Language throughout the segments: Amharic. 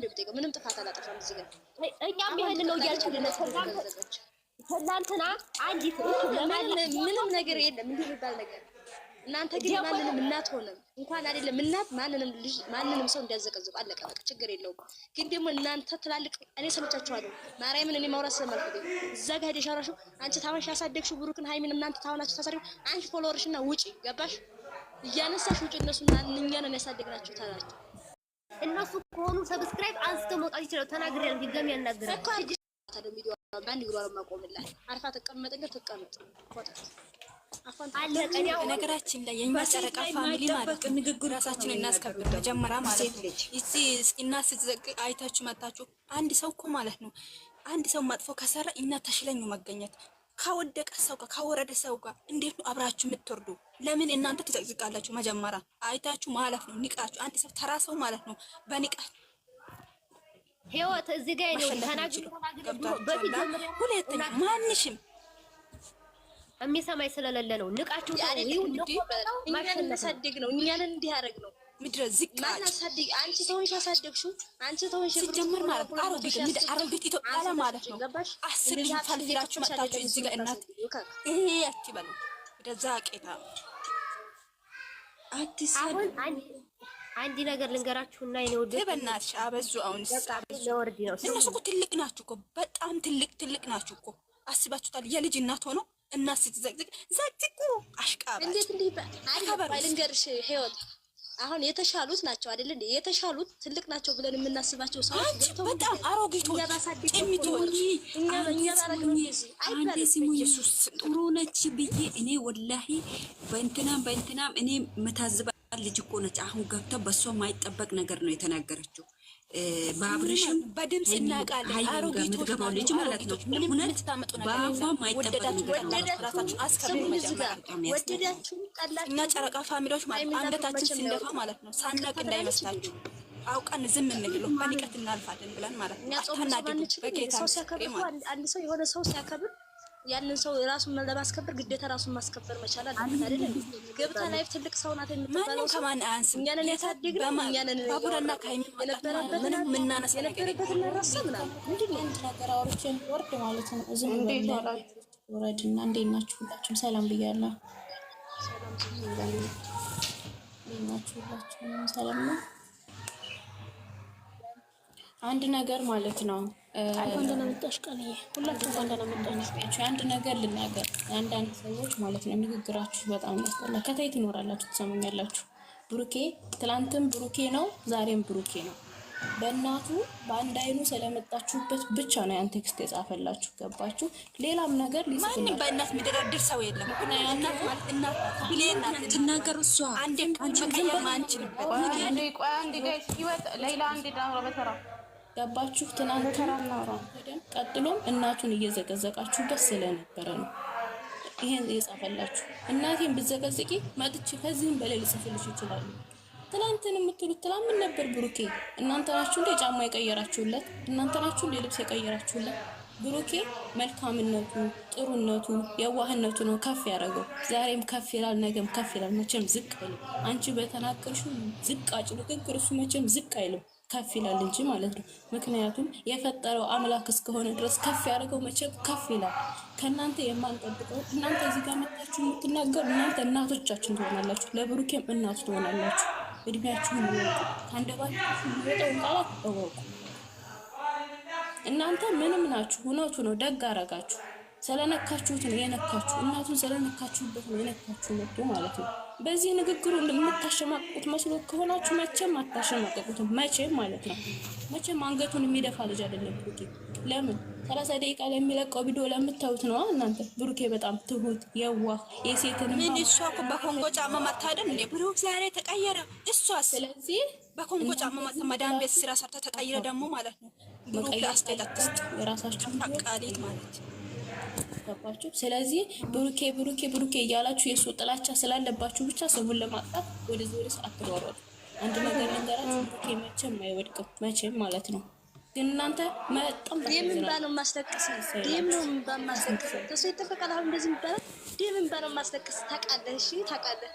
እንደ የምጠይቀው ምንም ጥፋት አላጠፋም። እዚህ ግን እኛም ይሄን ነው እያልኩልህ ነው። ትናንትና አንዲት ምንም ነገር የለም እንዲህ የሚባል ነገር እናንተ ግን ማንንም እናት ሆነም እንኳን አይደለም እናት ማንንም ልጅ ማንንም ሰው እንዲያዘቀዝቁ አለቀ በቃ ችግር የለውም። ግን ደግሞ እናንተ ትላልቅ እኔ ሰምቻችኋለሁ። ማርያምን እኔ ማውራት ስለማልፈልግ እዛ ጋር ሄደሽ አውራሽው አንቺ ታሆንሽ ያሳደግሽው ብሩክን ሃይሚን እናንተ ታሆናችሁ ታሳደግ አንቺ ፎሎወርሽና ውጪ ገባሽ እያነሳሽ ውጪ እነሱ ነን ያሳደግናችሁ ታላችሁ እነሱ ከሆኑ ሰብስክራይብ አንስተው መውጣት ይችላሉ። ተናግሬያለሁ፣ ድጋሚ ያናገራል። ነገራችን ላይ የኛ ጨረቃ ፋሚሊ ማለት ንግግር ራሳችን እናስከብር። መጀመሪያ ማለት ነው እና ስትዘቅ አይታችሁ መታችሁ አንድ ሰው እኮ ማለት ነው አንድ ሰው መጥፎ ከሰራ እና ተሽለኙ መገኘት ከወደቀ ሰው ጋር ከወረደ ሰው ጋር እንዴት ነው አብራችሁ የምትወርዱ? ለምን እናንተ ትዘቅዝቃላችሁ? መጀመሪያ አይታችሁ ማለት ነው፣ ንቃችሁ። አንድ ሰው ተራ ሰው ማለት ነው በንቃት ህይወት እዚህ ጋር ነው ተናግሮ ማንሽም የሚሰማኝ ስለሌለ ነው። ንቃችሁ ማሸነፍ ነው። እኛን እንዲያደርግ ነው ምድረ ዝቅ አንቺ ተሆንሽ ያሳደግሽው አንቺ ተሆንሽ ሲጀምር ማለት አሮጊት ኢትዮጵያ ላይ ማለት ነው። አስር ልጅ እዚህ ጋር እናት ይሄ ወደዛ ቄታ አንድ ነገር ወደ በእናትሽ አበዙ። አሁን ለወርድ ነው እነሱ እኮ ትልቅ ናችሁ እኮ በጣም ትልቅ ትልቅ ናችሁ እኮ አስባችሁታል። የልጅ እናት ሆኖ እናት ስትዘቅዝቅ ዘቅዝቁ አሽቃባ እንዴት እንዲህ ልንገርሽ ህይወት አሁን የተሻሉት ናቸው አይደል? የተሻሉት ትልቅ ናቸው ብለን የምናስባቸው ሰዎች በጣም አሮጊቶች ጭሚቶች። አንዴ ስሙ ኢየሱስ ጥሩ ነች ብዬ እኔ ወላሂ በእንትናም በእንትናም እኔ መታዝባ ልጅ እኮ ነች። አሁን ገብተ በእሷ የማይጠበቅ ነገር ነው የተናገረችው። በአብርሽም በድምፅ እናውቃለን። አሮጊቶች ልጅ ማለት ነው። እውነት በአፏም እና ጨረቃ ፋሚሊዎች አንገታችን ስንደፋ ማለት ነው ሳናቅ እንዳይመስላችሁ አውቀን ዝም የምንለው በንቀት እናልፋለን ብለን ማለት ነው። አታናድዱ በጌታ አንድ ሰው የሆነ ሰው ሲያከብር ያንን ሰው ራሱን ለማስከበር ግዴታ ራሱን ማስከበር መቻል አለበት አይደል? ገብታ ላይፍ ትልቅ ሰው ናት የምትባለው ከማን አንስ እኛንን ያሳድግነው እኛንን ባቡራና ካይሚ የነበረበትን ምናነስ የነበረበትን ራሳ ምናምን ምንድን ነው ነገር አውርቼን ወርድ ማለት ነው። እዚህ ወረድ እና እንዴት ናችሁ? ሁላችሁም ሰላም ብያለሁ። እንዴት ናችሁ? ሁላችሁም ሰላም ነው። አንድ ነገር ማለት ነው አንድ ነገር ልናገር። የአንዳንድ ሰዎች ማለት ነው ንግግራችሁ በጣም ያስጠላ። ከታይ ትኖራላችሁ፣ ትሰሙኛላችሁ። ብሩኬ ትላንትም ብሩኬ ነው፣ ዛሬም ብሩኬ ነው። በእናቱ በአንድ አይኑ ስለመጣችሁበት ብቻ ነው ያን ቴክስት የጻፈላችሁ። ገባችሁ? ሌላም ነገር ማንም በእናት የሚደረድር ሰው የለም። እሷ አንዴ ቆይ በተራ ገባችሁ? ትናንት ቀጥሎም እናቱን እየዘቀዘቃችሁበት ስለነበረ ነው ይሄን የጻፈላችሁ። እናቴን ብዘቀዝቂ መጥቼ ከዚህም በላይ ልጽፍልሽ ይችላሉ። ትናንትን የምትሉት ትላምን ነበር? ብሩኬ እናንተ ናችሁ እንደ ጫማ የቀየራችሁለት፣ እናንተ ናችሁ እንደ ልብስ የቀየራችሁለት። ብሩኬ መልካምነቱ፣ ጥሩነቱ፣ የዋህነቱ ነው ከፍ ያደረገው። ዛሬም ከፍ ይላል፣ ነገም ከፍ ይላል። መቼም ዝቅ አይልም። አንቺ በተናገርሽው ዝቅ አጭ ንግግር እሱ መቼም ዝቅ አይልም። ከፍ ይላል እንጂ ማለት ነው። ምክንያቱም የፈጠረው አምላክ እስከሆነ ድረስ ከፍ ያደርገው መቼም ከፍ ይላል። ከእናንተ የማንጠብቀው እናንተ እዚህ ጋር መታችሁ የምትናገሩ እናንተ እናቶቻችን ትሆናላችሁ፣ ለብሩኬም እናቱ ትሆናላችሁ። እድሜያችሁን ይወቁ፣ ከአንደበታችሁ የሚወጣውን ቃላት እወቁ። እናንተ ምንም ናችሁ፣ እውነቱ ነው። ደግ አረጋችሁ። ስለነካችሁት ነው የነካችሁ። እናቱን ስለነካችሁበት ነው የነካችሁ መጡ ማለት ነው። በዚህ ንግግሩ የምታሸማቅቁት መስሎ ከሆናችሁ መቼም አታሸማቀቁትም። መቼም ማለት ነው። መቼም አንገቱን የሚደፋ ልጅ አይደለም ብሩኬ። ለምን ሰላሳ ደቂቃ ለሚለቀው የሚለቀው ቪዲዮ ለምታዩት ነው እናንተ። ብሩኬ በጣም ትሁት፣ የዋህ የሴትን ምን እሷ እኮ በኮንጎ ጫማ ማታደም እንዴ ብሩክ ዛሬ ተቀየረ። እሷ ስለዚህ በኮንጎ ጫማ መታ መዳን ቤት ስራ ሰርታ ተቀይረ ደግሞ ማለት ነው። ብሩክ ለአስቴላት ስጥ የራሳችሁ ቃሌት ማለት ገባችሁ? ስለዚህ ብሩኬ ብሩኬ ብሩኬ እያላችሁ የእሱ ጥላቻ ስላለባችሁ ብቻ ስሙን ለማጥፋት ወደዚህ ወደስ አትሯሯጡ። አንድ ነገር ልንገራችሁ፣ ብሩኬ መቼም አይወድቅም፣ መቼም ማለት ነው። ግን እናንተ መጣም የምን ባ ነው ማስለቅስ ዲም ነው ባ ማስለቅስ እሱ ይጠበቃል። አሁን እንደዚህ ይባላል። ዲም ባ ነው ማስለቅስ ታውቃለህ? እሺ ታውቃለህ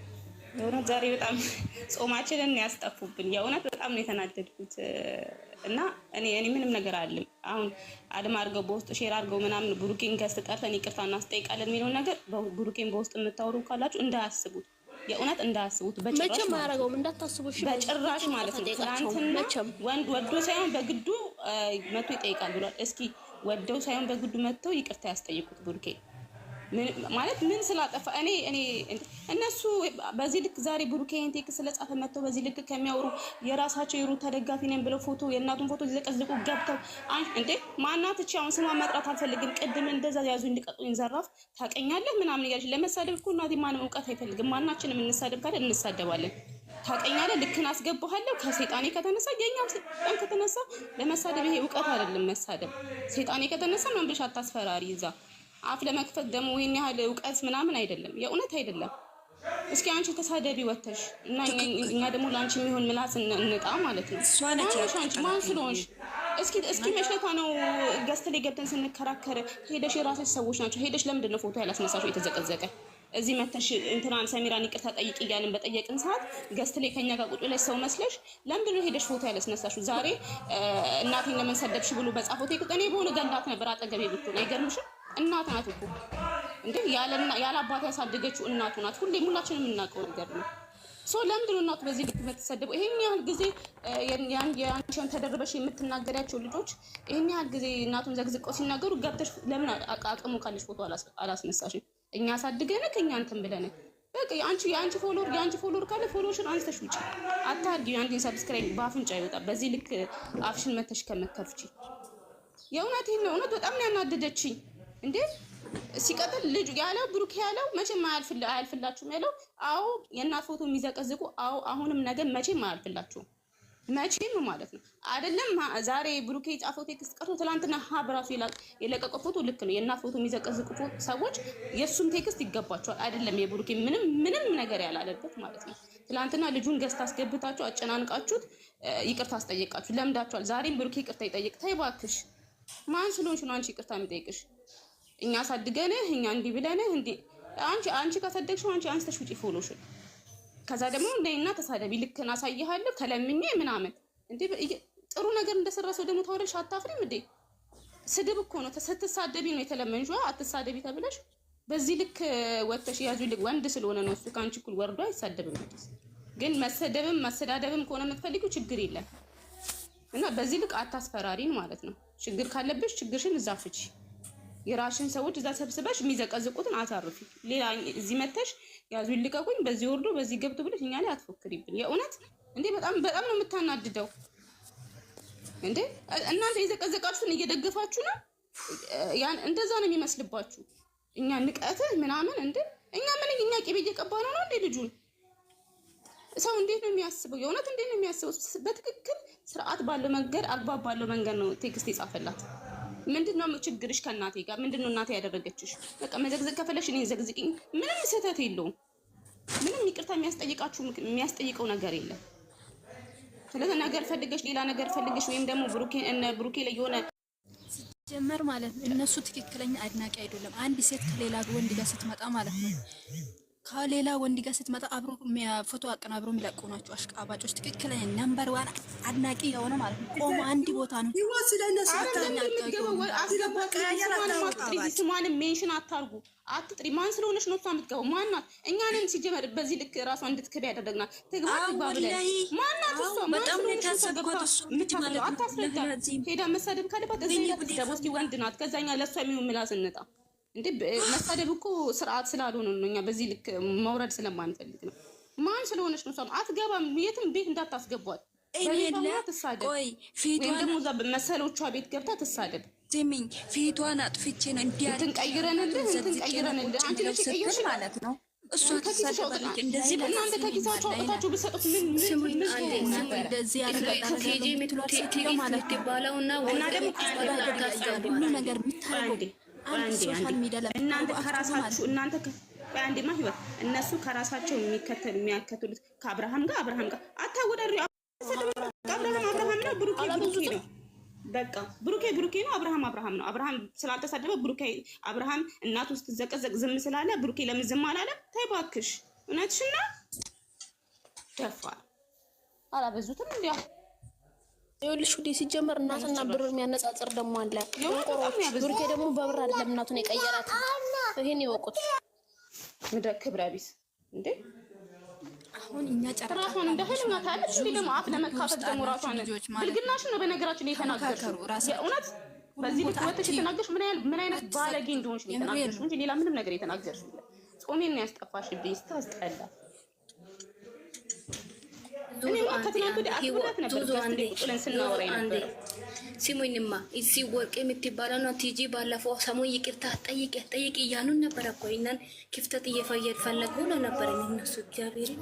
የእውነት ዛሬ በጣም ጾማችንን ያስጠፉብን። የእውነት በጣም ነው የተናደድኩት እና እኔ እኔ ምንም ነገር አለም አሁን አድማ አድርገው በውስጥ ሼር አድርገው ምናምን ብሩኬን ገስት ጠርተን ይቅርታ እናስጠይቃለን የሚለውን ነገር ብሩኬን በውስጥ የምታወሩ ካላችሁ እንዳያስቡት፣ የእውነት እንዳያስቡት፣ በጭራሽ ማለት ነው። ትናንትና ወንድ ወዶ ሳይሆን በግዱ መቶ ይጠይቃል ብሏል። እስኪ ወደው ሳይሆን በግዱ መጥተው ይቅርታ ያስጠይቁት ብሩኬን ማለት ምን ስላጠፋ እኔ እኔ እነሱ በዚህ ልክ ዛሬ ብሩኬን ቴክ ስለጻፈ መጥተው በዚህ ልክ ከሚያወሩ የራሳቸው የሩታ ደጋፊ ነን ብለው ፎቶ የእናቱን ፎቶ ሊዘቀዝቁ ገብተው እንዴ ማናት እቺ? አሁን ስማ መጥራት አልፈልግም። ቅድም እንደዛ ያዙ እንዲቀጡኝ ዘራፍ ታቀኛለህ ምናምን እያለች ለመሳደብ እኮ እናቴ ማንም እውቀት አይፈልግም። ማናችንም እንሳደብ ካለ እንሳደባለን። ታቀኛለህ፣ ልክን አስገባሃለሁ። ከሴጣኔ ከተነሳ የኛም ሴጣን ከተነሳ ለመሳደብ ይሄ እውቀት አይደለም መሳደብ። ሴጣኔ ከተነሳ ምን ብለሽ አታስፈራሪ ይዛ አፍ ለመክፈት ደግሞ ይሄን ያህል እውቀት ምናምን አይደለም፣ የእውነት አይደለም። እስኪ አንቺ ተሳደቢ ወተሽ እና እኛ ደግሞ ለአንቺ የሚሆን ምላስ እንጣ ማለት ነው። ማን ስለሆንሽ እስኪ እስኪ መሽለታ ነው ገዝተ ላይ ገብተን ስንከራከር ሄደሽ የራስሽ ሰዎች ናቸው ሄደሽ ለምንድን ነው ፎቶ ያላስነሳሽው የተዘቀዘቀ እዚህ መተሽ እንትናን ሰሚራን ይቅርታ ጠይቂ እያልን በጠየቅን ሰዓት ገዝት ላይ ከኛ ጋር ቁጭ ላይ ሰው መስለሽ ለምንድን ነው ሄደሽ ፎቶ ያላስነሳሽው? ዛሬ እናቴን ለምን ሰደብሽ ብሎ በጻፎ ቁጥኔ በሆነ ገንዳት ነበር አጠገቤ ብትሆን አይገርምሽም? እናት ናት እኮ እንዴ! ያለና ያለ አባት ያሳደገችው እናቱ ናት። ሁሌም ሁላችንም የምናውቀው ነገር ነው። ሶ ለምንድን ነው እናቱ በዚህ ልክ የምትሰደበው? ይሄን ያህል ጊዜ የአንቺን ተደርበሽ የምትናገሪያቸው ልጆች ይሄን ያህል ጊዜ እናቱን ዘግዝቀው ሲናገሩ ገብተሽ ለምን አቅሙ ካለሽ ፎቶ አላስነሳሽም? እኛ አሳድገንክ እኛ እንትን ብለንክ በቃ የአንቺ የአንቺ ፎሎወር የአንቺ ፎሎወር ካለ ፎሎወርሽን አንስተሽ ውጪ። አታድጊ አንቺን ሰብስክራይብ በአፍንጫ ይወጣ። በዚህ ልክ አፍሽን መተሽ ከመከፍቺ የእውነት ይሄን ነው። እውነት በጣም ነው ያናደደችኝ። እንዴት ሲቀጥል ልጁ ያለው ብሩክ ያለው መቼም አያልፍላችሁም ያለው አዎ፣ የእናት ፎቶ የሚዘቀዝቁ አዎ፣ አሁንም ነገር መቼም አያልፍላችሁም መቼም ማለት ነው። አይደለም ዛሬ ብሩኬ የጻፈው ቴክስት ቀርቶ ትናንትና ሀብ ራሱ የለቀቀ ፎቶ ልክ ነው። የእናት ፎቶ የሚዘቀዝቁ ሰዎች የእሱም ቴክስት ይገባቸዋል። አይደለም የብሩኬ ምንም ምንም ነገር ያላለበት ማለት ነው። ትላንትና ልጁን ገዝታ አስገብታችሁ አጨናንቃችሁት፣ ይቅርታ አስጠየቃችሁ፣ ለምዳችኋል። ዛሬም ብሩኬ ይቅርታ ይጠይቅ። ተይ እባክሽ፣ ማን ስለሆንሽ ነው አንቺ ይቅርታ የሚጠይቅሽ? እኛ አሳድገንህ እኛ እንዲህ ብለንህ እንዲህ አንቺ አንቺ ካሳደግሽው አንቺ አንስተሽ ውጪ ፎሎሽ። ከዛ ደግሞ እንደኛ ተሳደቢ፣ ልክን አሳይሃለሁ ከለምኜ ምናምን እንዴ ጥሩ ነገር እንደሰራ ሰው ደግሞ ታወራለሽ። አታፍሪም እንዴ? ስድብ እኮ ነው። ስትሳደቢ ነው የተለመንሽው። አትሳደቢ ተብለሽ በዚህ ልክ ወጥተሽ ያዙ። ልክ ወንድ ስለሆነ ነው እሱ ከአንቺ እኩል ወርዶ አይሳደብም። ግን መሰደብም መሰዳደብም ከሆነ የምትፈልጊው ችግር የለም እና በዚህ ልክ አታስፈራሪን ማለት ነው። ችግር ካለብሽ ችግርሽን እዛ ፍቺ የራሽን ሰዎች እዛ ሰብስበሽ የሚዘቀዝቁትን አታርፊ። ሌላ እዚህ መተሽ ያዙ ይልቀቁኝ፣ በዚህ ወርዶ በዚህ ገብቶ ብለሽ እኛ ላይ አትፎክሪብን። የእውነት እንዴ በጣም በጣም ነው የምታናድደው። እንዴ እናንተ የዘቀዘቃችሁን እየደገፋችሁ ነው። ያን እንደዛ ነው የሚመስልባችሁ። እኛ ንቀትህ ምናምን እንዴ እኛ ምን እኛ ቂቤ እየቀባ ነው ነው እንዴ ልጁን ሰው እንዴት ነው የሚያስበው? የእውነት እንዴት ነው የሚያስበው? በትክክል ስርዓት ባለው መንገድ አግባብ ባለው መንገድ ነው ቴክስት የጻፈላት። ምንድን ነው ችግርሽ? ከእናቴ ጋር ምንድን ነው እናቴ ያደረገችሽ? በቃ መዘግዘግ ከፈለሽ እኔን ዘግዝቅኝ። ምንም ስህተት የለውም። ምንም ይቅርታ የሚያስጠይቃችሁ የሚያስጠይቀው ነገር የለም። ስለዚህ ነገር ፈልገሽ ሌላ ነገር ፈልገሽ ወይም ደግሞ ብሩኬ እነ ብሩኬ ላይ የሆነ ጀመር ማለት ነው። እነሱ ትክክለኛ አድናቂ አይደለም። አንድ ሴት ከሌላ ወንድ ጋር ስትመጣ ማለት ነው ከሌላ ወንድ ጋር ስትመጣ አብሮ ፎቶ አቀናብሮ የሚለቁ ናቸው አሽቃባጮች። ትክክል ነምበር ዋን አድናቂ የሆነ ማለት ነው። ቆሞ አንድ ቦታ ነው። ስሟንም ሜንሽን አታርጉ፣ አትጥሪ። ማን ስለሆነች ነው እሷ የምትገባው? ማናት? እኛንም ሲጀመር በዚህ ልክ ራሷ እንድትክብ ያደረግናል። ትግባ ትግባ ብለን ማናት? እሷ ምታስረዳ ሄዳ መሳደብ ካለባት እዚህ ወንድ ናት። ከዛኛ ለእሷ የሚሆን ምላስ እንጣ እንዴ መሳደብ እኮ ስርዓት ስላልሆነ ነው። እኛ በዚህ ልክ መውረድ ስለማንፈልግ ነው። ማን ስለሆነች ነው? አትገባም። የትም ቤት እንዳታስገቧት። ወይም ደግሞ እዛ መሰሎቿ ቤት ገብታ ትሳደብ። ስሚኝ፣ ፊቷን አጥፍቼ ነው እንዲያ ትንቀይረንልህ ትንቀይረንልህ አንቺ ነሽ ቀይረሽ ማለት ነው። እሱ ተሳደበች እንደዚህ ምን ምን ነገር እናንተ ከራሳችሁ እናንተ አንዴማ ህይወት እነሱ ከራሳቸው የሚከተል የሚያከትሉት ከአብርሃም ጋር አብርሃም ጋር አታወዳሪ። አብርሃም አብርሃም ነው፣ ብሩኬ ብሩኬ ነው። በቃ ብሩኬ ብሩኬ ነው፣ አብርሃም አብርሃም ነው። አብርሃም ስላልተሳደበ ብሩኬ አብርሃም እናቱ ስትዘቀዘቅ ዝም ስላለ ብሩኬ ለምን ዝም አላለም? ተይ እባክሽ እውነትሽና ደፋ አላበዙትም እንዲያ ይኸውልሽ ውዴ ሲጀመር እናትና ብር የሚያነጻጽር ደግሞ አለ። ብሩኬ ደግሞ በብር አይደለም እናቱን የቀየራት። ይሄን ይወቁት። ምድረ ክብረ ቢስ እንዴ! አሁን እኛ ጨረቃ ራሷን እንደ ህልምናት አለች። እንዲ ደግሞ አፍ ለመካፈት ደግሞ ራሷን ብልግናሽ ነው። በነገራችን ላይ የተናገርሽው የእውነት በዚህ ልክ ወጥተሽ የተናገርሽ ምን ያህል ምን አይነት ባለጌ እንደሆንሽ ነው የተናገርሽው እንጂ ሌላ ምንም ነገር የተናገርሽው ጾሜን ያስጠፋሽ ቤስት አስጠላ ሲሙኝማ እዚ ወርቅ የምትባለው ነው። ቲጂ ባለፈው ሰሞን ይቅርታ ጠይቅ ጠይቅ እያሉን ነበረ እኮ ይህንን ክፍተት እየፈለጉ ነው ነበረ እነሱ እግዚአብሔርን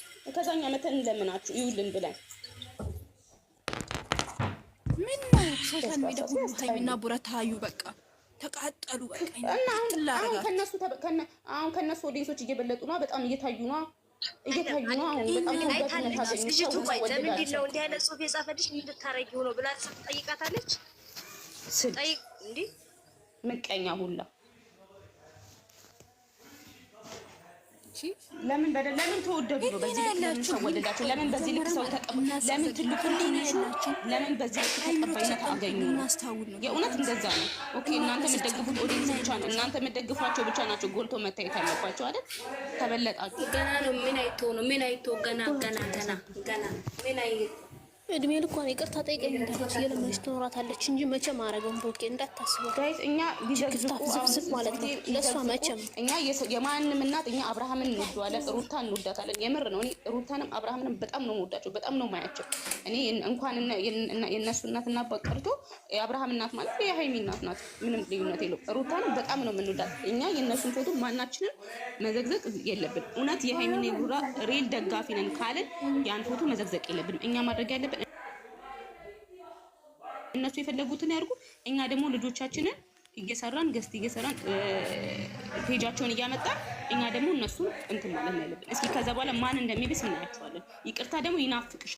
ከዛኛ መተን እንለምናችሁ ይውልን ብለን ምን ሶሻል ሚዲያ ሁሉ ታይምና ቡራ ታዩ በቃ ተቃጠሉ በቃ እና አሁን ከነሱ አሁን ከነሱ ኦዲየንሶች እየበለጡ ነው። በጣም እየታዩ ነው እየታዩ ነው። አሁን በጣም ነው ልጅቱ ቆይ ለምንድን ነው እንዲህ አይነት ጽሁፍ የጻፈልሽ ምን ልታረጊው ነው ብላ ትጠይቃታለች። ጠይቅ እንዴ ምቀኛ ሁላ ለምን በደል ለምን ተወደዱ ነው? በዚህ ልክ ሰው ወደዳቸው። ለምን በዚህ ልክ ሰው ተቀበሉ? ለምን ትልቁ ለምን በዚህ ልክ ተቀባይነት አገኙ? የእውነት እንደዛ ነው። ኦኬ እናንተ የምትደግፉት ኦዲየንስ ብቻ ነው። እናንተ የምትደግፏቸው ብቻ ናቸው። ጎልቶ መታየት ያለባቸው አይደል? ተበለጣችሁ። ገና ነው። ምን አይቶ ነው? ምን አይቶ ገና ገና ገና ገና ምን አይቶ እድሜ ልኳን ይቅርታ ጠይቀኝ እንዳለች እየለመነች ትኖራታለች እንጂ መቼም አረገውን ብሩኬ እንዳታስበው። እኛ ቢዘግዝቁ ማለት ነው ለእሷ መቼም እኛ የማንም እናት እኛ አብርሃምን እንወደዋለን፣ ሩታ እንወዳታለን። የምር ነው። እኔ ሩታንም አብርሃምንም በጣም ነው የምወዳቸው፣ በጣም ነው የማያቸው። እኔ እንኳን የእነሱ እናት እና ቀርቶ የአብርሃም እናት ማለት የሀይሚ እናት ናት። ምንም ልዩነት የለውም። ሩታንም በጣም ነው የምንወዳት እኛ። የእነሱን ፎቶ ማናችንም መዘግዘቅ የለብን። እውነት የሀይሚና የጉራ ሪል ደጋፊ ነን ካልን ያን ፎቶ መዘግዘቅ የለብንም። እኛ ማድረግ ያለብን እነሱ የፈለጉትን ያድርጉ። እኛ ደግሞ ልጆቻችንን እየሰራን ገስት እየሰራን ፔጃቸውን እያመጣን እኛ ደግሞ እነሱ እንትን ማለት ነው ያለብን። እስኪ ከዛ በኋላ ማን እንደሚብስ እናያቸዋለን። ይቅርታ ደግሞ ይናፍቅሽ